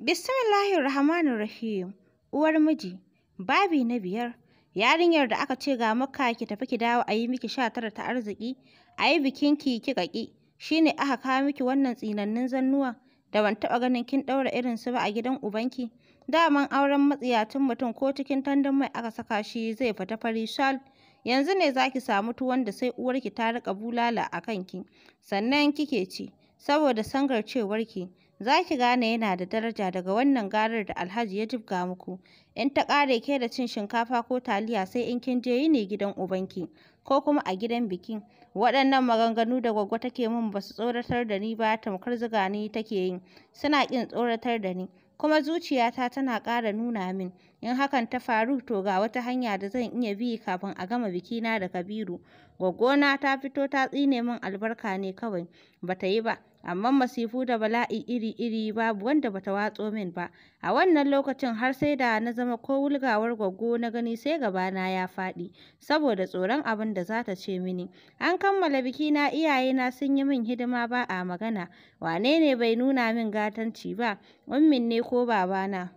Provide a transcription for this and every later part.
Bismillahir Rahmanir Rahim. Uwar miji, babi na biyar. Yarinyar da aka ce ga maka ki tafi ki dawo a yi miki sha tara ta arziki, ayi yi bikinki ki kaki shi ne aka kawo miki wannan tsinannun zannuwa da ban taɓa ganin kin ɗaura irinsu ba a gidan ubanki. Daman auren matsiyacin mutum ko cikin tandan mai aka saka shi zai fita fari shal. Yanzu ne za ki samu tuwon da sai uwarki ta riƙa bulala a kanki, sannan kike ci, saboda sangar ki. za ki gane yana da daraja daga wannan garar da Alhaji ya jibga muku. In ta ƙare ke da cin shinkafa ko taliya sai in kin je yi ne gidan ubanki ko kuma a gidan bikin. Waɗannan maganganu da gwaggo take min ba su tsoratar da ni ba tamkar zuga ni take yi. Suna ƙin tsoratar da ni. Kuma zuciyata tana ƙara nuna min. In hakan ta faru to ga wata hanya da zan iya bi kafin a gama bikina da Kabiru. Gwaggona ta fito ta tsine min albarka ne kawai. Bata yi ba. amma masifu da bala'i iri-iri babu wanda bata watso min ba a wannan lokacin har sai da na zama ko wulgawar gwaggo na gani sai gabana ya faɗi saboda tsoron abin da za ta ce mini an kammala biki na iyayena sun yi min hidima ba a magana wane ne bai nuna min gatanci ba ummin ne ko babana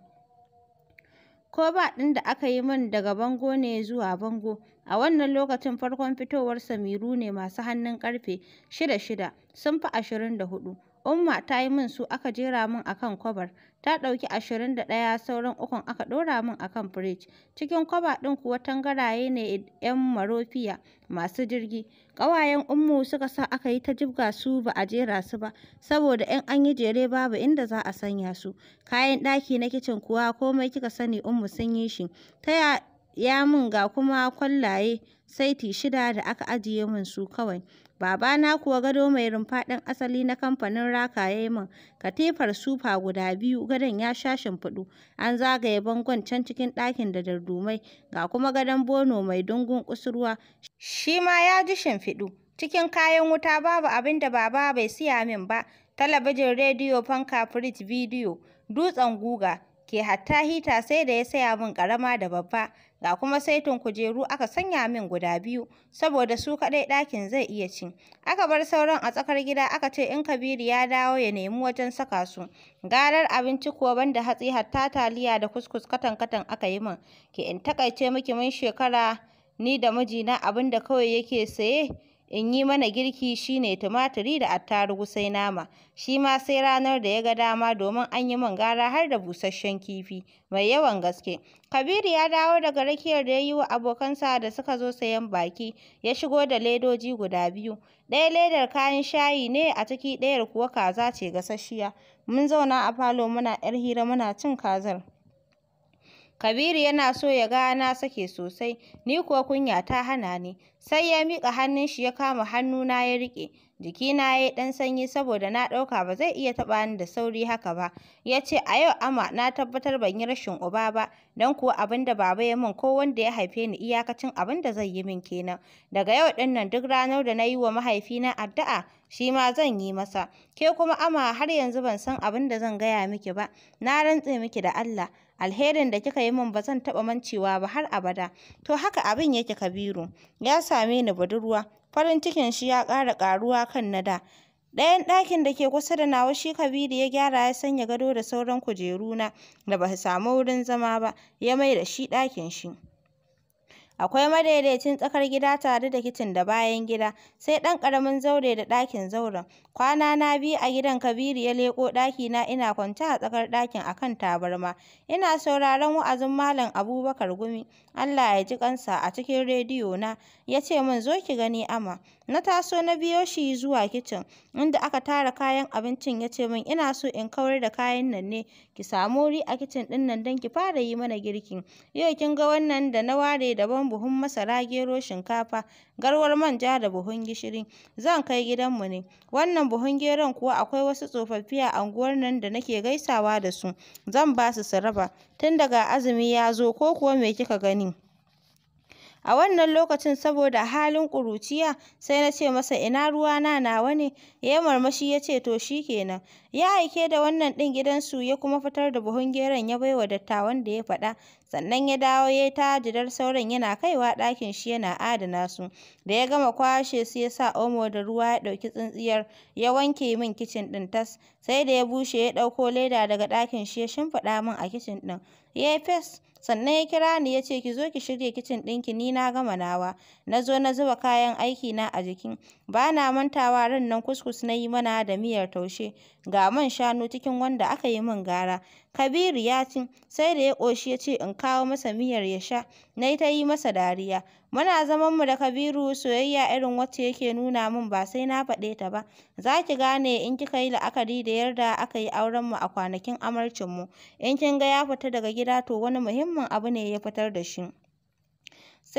ko ba ɗin da aka yi min daga bango ne zuwa bango A wannan lokacin farkon fitowar Samiru ne masu hannun ƙarfe shida-shida sun fi ashirin da hudu. Umma ta yi min su aka jera min a kan kwabar. Ta ɗauki ashirin da ɗaya sauran ukun aka ɗora min a kan firij. Cikin kwaba ɗin kuwa tangaraye ne 'yan marofiya masu jirgi. Ƙawayen Ummu suka sa aka yi ta jibga su ba a jera su ba, saboda 'yan an yi jere babu inda za a sanya su. Kayan ɗaki na kicin kuwa komai kika sani Ummu sun yi shi. Ta ya mun ga kuma kwallaye saiti shida da aka ajiye min su kawai. Babana kuwa gado mai rumfa ɗin asali na kamfanin Raka ya yi min, katifar sufa guda biyu, gadon ya sha shimfiɗu, an zagaye bangon can cikin ɗakin da dardumai, ga kuma gadon bono mai dungun kusurwa, shi ma ya ji shimfiɗu. Cikin kayan wuta babu abin da baba bai siya min ba, talabijin, rediyo, fanka, firij, bidiyo, dutsen guga, ke hatta hita sai da ya saya min karama da babba. ga kuma saitin kujeru aka sanya min guda biyu saboda su kaɗai ɗakin zai iya ci aka bar sauran a tsakar gida aka ce in Kabiru ya dawo ya nemi wajen saka su garar abinci kuwa banda hatsi hatta taliya da kuskus katan katan aka yi min ke in takaice miki mun shekara ni da mijina abinda kawai yake saye in yi mana girki shi ne tumatiri da attarugu sai nama, shi ma sai ranar da ya ga dama domin an yi min gara har da busasshen kifi mai yawan gaske. Kabiru ya dawo daga rakiyar da ya yi wa abokansa da suka zo sayan baki, ya shigo da ledoji guda biyu, ɗaya ledar kayan shayi ne a ciki ɗayar kuwa kaza ce gasasshiya. Mun zauna a falo muna 'yar hira muna cin kazar. Kabiru yana so ya ga na sake sosai, ni kuwa kunya ta hana ni. Sai ya miƙa hannun shi ya kama hannuna ya riƙe. Jikina ya yi ɗan sanyi saboda na ɗauka ba zai iya taɓa ni da sauri haka ba. Ya ce, a yau ama na tabbatar ban yi rashin uba ba, don kuwa abin da baba ya min ko wanda ya haife ni iyakacin abin da zai yi min kenan. Daga yau ɗin nan duk ranar da na yi wa mahaifina addu'a, shi ma zan yi masa. Ke kuma ama har yanzu ban san abin da zan gaya miki ba, na rantse miki da Allah. alherin da kika yi min ba zan taɓa mancewa ba har abada to haka abin yake kabiru ya same ni budurwa farin cikin shi ya ƙara ƙaruwa kan na da ɗayan ɗakin da ke kusa da nawa shi kabiru ya gyara ya sanya gado da sauran kujeru na da ba su samu wurin zama ba ya mai da shi ɗakin shi Akwai madaidaicin tsakar gida tare da kicin da bayan gida, sai ɗan ƙaramin zaure da ɗakin zauren. kwana na biyu a gidan Kabiru ya leƙo ɗakina ina kwance a tsakar ɗakin akan tabarma. Ina sauraron wa'azin Malam Abubakar Gumi, Allah ya ji ƙansa a cikin rediyo na, ya ce min zo ki gani ama. Na taso na biyo shi zuwa kicin, inda aka tara kayan abincin ya ce min ina so in kawar da kayan nan ne, ki samu wuri a kicin ɗin nan don ki fara yi mana girkin. Yau kin ga wannan da na ware daban buhun masara, gero, shinkafa, garwar manja da buhun gishiri. Zan kai gidanmu ne. Wannan buhun geron kuwa akwai wasu tsofaffi a anguwar nan da nake gaisawa da su. Zan ba su su raba. Tun daga azumi ya zo ko kuwa me kika gani? A wannan lokacin saboda halin ƙuruciya sai na ce masa ina ruwa na, nawa ne, ya yi murmushi ya ce to shi kenan. Ya aike da wannan ɗin gidansu ya kuma fitar da buhun geron ya baiwa dattawan da ya faɗa sannan ya dawo ya yi tajidar sauran yana kaiwa ɗakin shi yana adana su da ya gama kwashe su ya sa omo da ruwa ya ɗauki tsintsiyar ya wanke min kicin ɗin tas sai da ya bushe ya ɗauko leda daga ɗakin shi ya shimfiɗa min a kicin ɗin ya fes sannan ya kira ni ya ce ki zo ki shirya kicin ɗinki ni na gama nawa nazo na zuba kayan aiki na a jikin bana mantawa rannan nan kuskus na yi mana da miyar taushe ga man shanu cikin wanda aka yi min gara Kabiru ya ci, sai da ya ƙoshi ya ce in kawo masa miyar ya sha, na yi ta yi masa dariya. Muna zaman mu da Kabiru soyayya irin wacce yake nuna min ba sai na faɗe ta ba, za ki gane in kika yi la'akari da yarda aka yi auren mu a kwanakin amarcin mu in kin ga ya fita daga gida to wani muhimmin abu ne ya fitar da shi.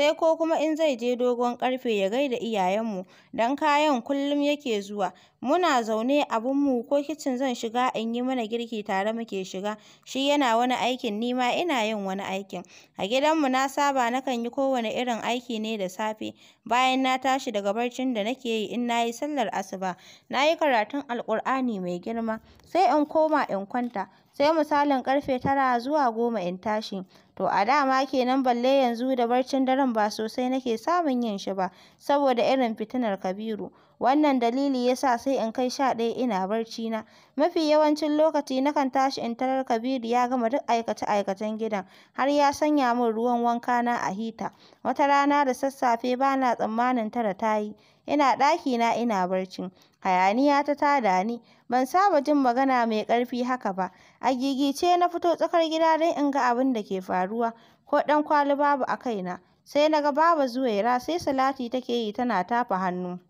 sai ko kuma in zai je Dogon Ƙarfe ya gaida iyayenmu don kayan kullum yake zuwa. Muna zaune abinmu ko kicin zan shiga in yi mana girki tare muke shiga, shi yana wani aikin ni ma ina yin wani aikin. A gidanmu na saba nakan yi kowane irin aiki ne da safe, bayan na tashi daga barcin da nake yi in na yi sallar asuba, na yi karatun Alƙur'ani mai girma, sai in koma in kwanta. sai misalin karfe tara zuwa goma in tashi. To a dama ma kenan balle yanzu da barcin daren ba sosai nake samun yin shi ba, saboda irin fitinar Kabiru. Wannan dalili ya sa sai in kai sha ɗaya ina barci na. Mafi yawancin lokaci nakan tashi in tarar Kabiru ya gama duk aikace-aikacen gidan, har ya sanya min ruwan wanka na a hita. Wata rana da sassafe ba na tsammanin tara ta yi. Ina ɗakina ina barci. Hayaniya ta tada ni. Ban saba jin magana mai ƙarfi haka ba. A gigice na fito tsakar gida don in ga abin da ke faruwa. Ko ɗan kwali babu a kaina. Sai na ga Baba Zuwaira sai Salati take yi tana tafa hannu.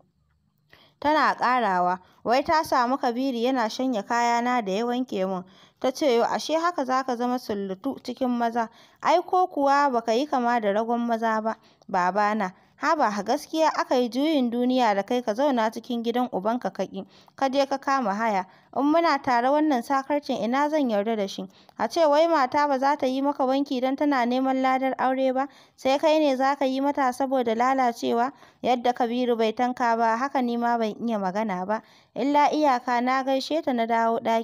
Tana ƙarawa, wai ta samu Kabiru yana shanya kayana da ya wanke min. Ta ce yo ashe haka za ka zama sullutu cikin maza, ai ko kuwa baka yi kama da ragon maza ba, babana. haba gaskiya aka yi juyin duniya da kai ka zauna cikin gidan ubanka ka ƙi ka je ka kama haya in muna tare wannan sakarcin ina zan yarda da shi a ce wai mata ba za ta yi maka wanki don tana neman ladar aure ba sai kai ne za ka yi mata saboda lalacewa yadda kabiru bai tanka ba haka ni ma ban iya magana ba illa iyaka na gaishe ta na dawo na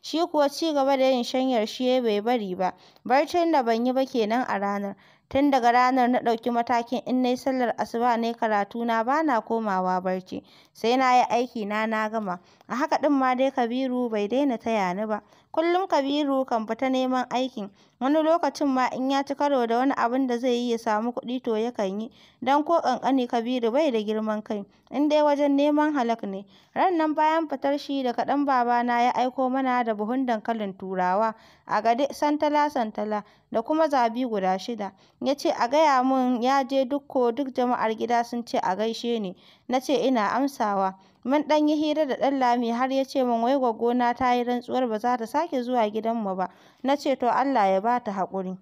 shi kuwa ci gaba da yin shanyar shi bai bari ba barcin da ban yi ba kenan a ranar Tun daga ranar na ɗauki matakin in na sallar asuba ne karatuna ba na komawa barci, sai na yi aikina na gama. A haka ɗin ma dai Kabiru bai daina taya ni ba. Kullum Kabiru kan fita neman aikin, wani lokacin ma in ya ci karo da wani abin da zai yi ya samu kuɗi to yakan yi, don ko ƙanƙani Kabiru bai da girman kai, in dai wajen neman halak ne. Ran nan bayan fitar shi da kaɗan babana ya aiko mana da buhun dankalin Turawa, A gade, santala-santala da kuma zabi guda shida. Ya ce a gaya mun ya je Dukko duk jama'ar gida sun ce a gaishe ni, na ce ina amsawa. Mun ɗan yi hira da Ɗanlami har ya ce min wai gwaggona ta yi rantsuwar ba za ta sake zuwa gidanmu ba, na ce to Allah ya ba ta haƙuri.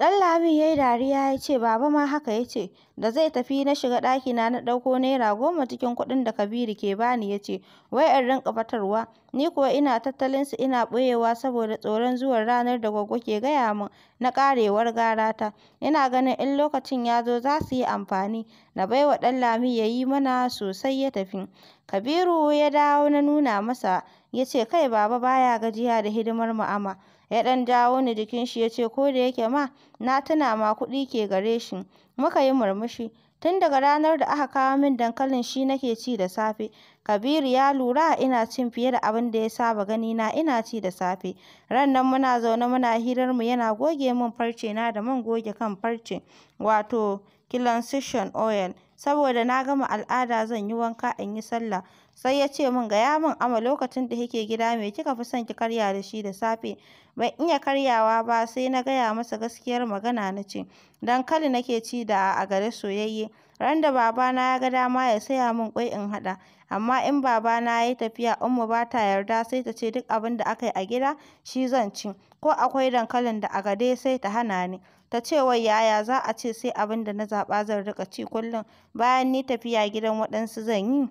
Ɗanlami ya yi dariya ya ce, Baba ma haka ya ce, da zai tafi na shiga ɗakina na ɗauko Naira goma cikin kuɗin da Kabiru ke bani ya ce, wai in rinƙa batarwa, ni kuwa ina tattalinsu ina ɓoyewa saboda tsoron zuwan ranar da Gwaggo ke gaya min na ƙarewar ta ina ganin in lokacin ya zo za su yi amfani, na baiwa Ɗanlami ya yi mana sosai ya tafi. Kabiru ya dawo na nuna masa, ya ce, kai Baba baya gajiya da hidimar mu'ama. ya ɗan jawo ni jikin shi ya ce ko da yake ma na tuna ma kuɗi ke gare shi muka yi murmushi tun daga ranar da aka kawo min dankalin shi nake ci da safe kabiru ya lura ina cin fiye da abin da ya saba gani na ina ci da safe Rannan muna zaune muna hirar mu yana goge min farce na da man goge kan farce wato kilansishin oil saboda na gama al'ada zan yi wanka in yi sallah sai ya ce min gaya min ama lokacin da yake gida me kika fi son ki karya da shi da safe ban iya karyawa ba sai na gaya masa gaskiyar magana na ce dankali nake ci da a gare soyayye ran da babana ya ga dama ya saya min kwai in haɗa amma in babana ya yi tafiya umma ba ta yarda sai ta ce duk abin da aka yi a gida shi zan ci ko akwai dankalin da a gade sai ta hana ni ta ce wai yaya za a ce sai abin da na zaɓa zan riƙa ci kullum bayan ni tafiya gidan waɗansu zan yi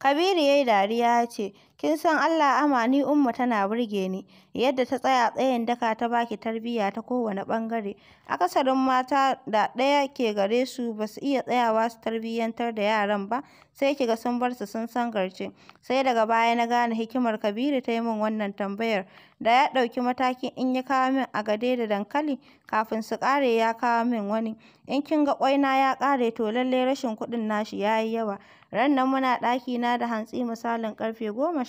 Kabiru ya yi dariya ya ce: Kin san Allah ama ni Umma tana burge ni, yadda ta tsaya tsayin daka ta baki tarbiyya ta kowane bangare. Akasarin mata da daya ke gare su ba iya tsayawa su tarbiyyantar da yaran ba, sai kiga sun bar su sun sangarce. Sai daga baya na gane hikimar Kabiru ta yi min wannan tambayar. Da ya ɗauki matakin in ya kawo min agade da dankali, kafin su kare ya kawo min wani. In kin ga ƙwaina ya kare to lallai rashin kuɗin nashi ya yi yawa. Ran nan muna na da hantsi misalin ƙarfe goma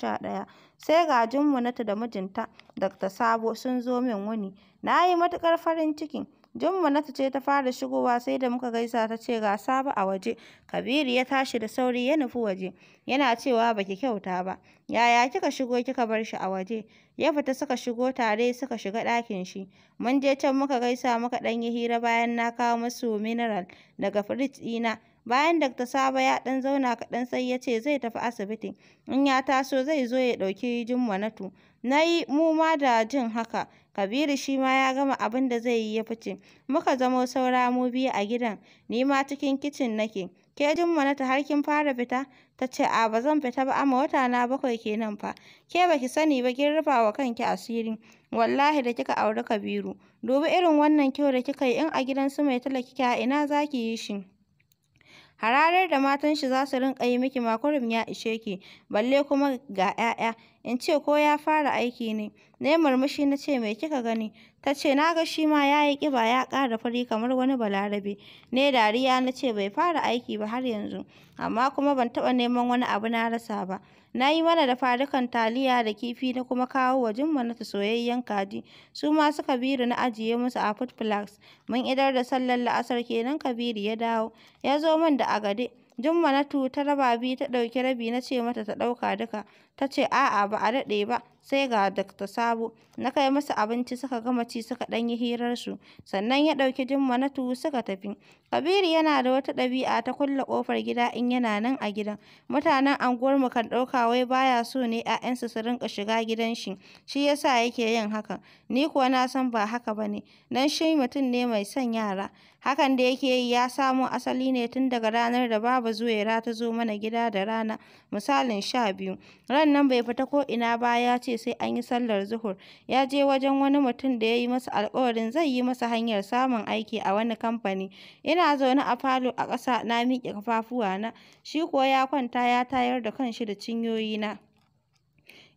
sai ga Jummunatu da mijinta, Dr. Sabo, sun zo min wuni. Na yi matuƙar farin ciki. Jummunatu ce ta fara shigowa sai da muka gaisa ta ce ga Sabo a waje. Kabiru ya tashi da sauri ya nufi waje, yana cewa baki kyauta ba. Yaya kika shigo kika bar shi a waje? Ya fita suka shigo tare suka shiga ɗakin shi. Mun je can muka gaisa muka ɗan yi hira bayan na kawo musu mineral daga firij ɗina. Bayan Dr. Sabo ya ɗan zauna kaɗan sai ya ce zai tafi asibiti. In ya taso zai zo ya ɗauki Jummanatu. Na yi mu ma da jin haka. Kabiru shi ma ya gama abin da zai yi ya fice. Muka zamo saura mu biyu a gidan. Ni ma cikin kicin nake. Ke Jummanatu har kin fara fita? Ta ce a ba zan fita ba amma wata na bakwai kenan fa. Ke baki sani ba kin rufa wa kanki asiri. Wallahi da kika auri Kabiru. Dubi irin wannan kyau da kika yi in a gidan su mai tala kika ina za ki yi shi. Hararar da matan shi za su rinƙa yi miki ma ya ishe ki, balle kuma ga 'ya'ya. In ce ko ya fara aiki ne. Na yi murmushi na ce me kika gani? Ta ce na ga shi ma ya yi ƙiba ya ƙara fari kamar wani balarabe. Ne dariya na ce bai fara aiki ba har yanzu, amma kuma ban taɓa neman wani abu na rasa ba. Na yi mana da dafadukan taliya da kifi na kuma kawo wa ta soyayyen kaji, su ma su Kabiru na ajiye musu a food flask. Mun idar da sallar la'asar kenan Kabiru ya dawo, ya zo min da agade. Jummanatu ta raba biyu ta ɗauki rabi na ce mata ta ɗauka duka, ta ce a'a ba a daɗe ba, sai ga Dr. Sabo. Na kai masa abinci suka gama ci suka ɗan yi hirarsu, sannan ya ɗauki Jummanatu suka tafi. Kabiru yana da wata ɗabi'a ta kulle ƙofar gida in yana nan a gidan. Mutanen anguwar mu kan ɗauka wai baya so ne 'ya'yansu su rinka shiga gidan shi, shi yasa yake yin haka Ni kuwa na san ba haka bane ne, shi mutum ne mai son yara. Hakan da yake yi ya samo asali ne tun daga ranar da Baba Zuwaira ta zo mana gida da rana, misalin sha biyu. Ran nan bai fita ko ina ba ya ce ce sai an yi sallar zuhur. Ya je wajen wani mutum da ya yi masa alkawarin zai yi masa hanyar samun aiki a wani kamfani. Ina zaune a falo a ƙasa na miƙe kafafuwana, shi kuwa ya kwanta ya tayar da kanshi da na.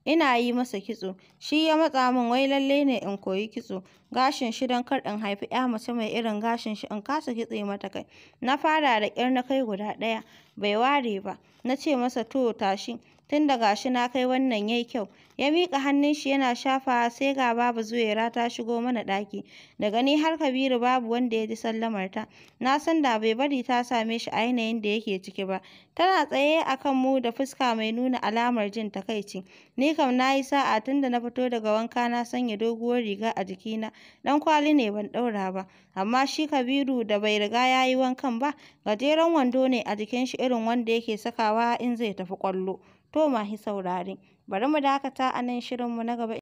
ina yi masa kitso shi ya matsa min wai lallai ne in koyi kitso gashin shi don kar in haifi ya mace mai irin gashin shi in kasa kitse mata kai na fara da kyar na kai guda ɗaya bai ware ba na ce masa to tashi tun da gashi na kai wannan yayi kyau. Ya miƙa hannun shi yana shafawa sai ga babu Zuwaira ta shigo mana ɗaki. Da gani har Kabiru babu wanda ya ji ta. Na san da bai bari ta same shi a yanayin da yake ciki ba. Tana tsaye a kan mu da fuska mai nuna alamar jin takaici. Ni kam na yi sa'a tun da na fito daga wanka na sanya doguwar riga a jikina. Dan kwali ne ban ɗaura ba. Amma shi Kabiru da bai riga ya yi wankan ba, gajeren wando ne a jikin shi irin wanda yake sakawa in zai tafi ƙwallo. To masu saurare, bari mu dakata a nan shirinmu na gaba.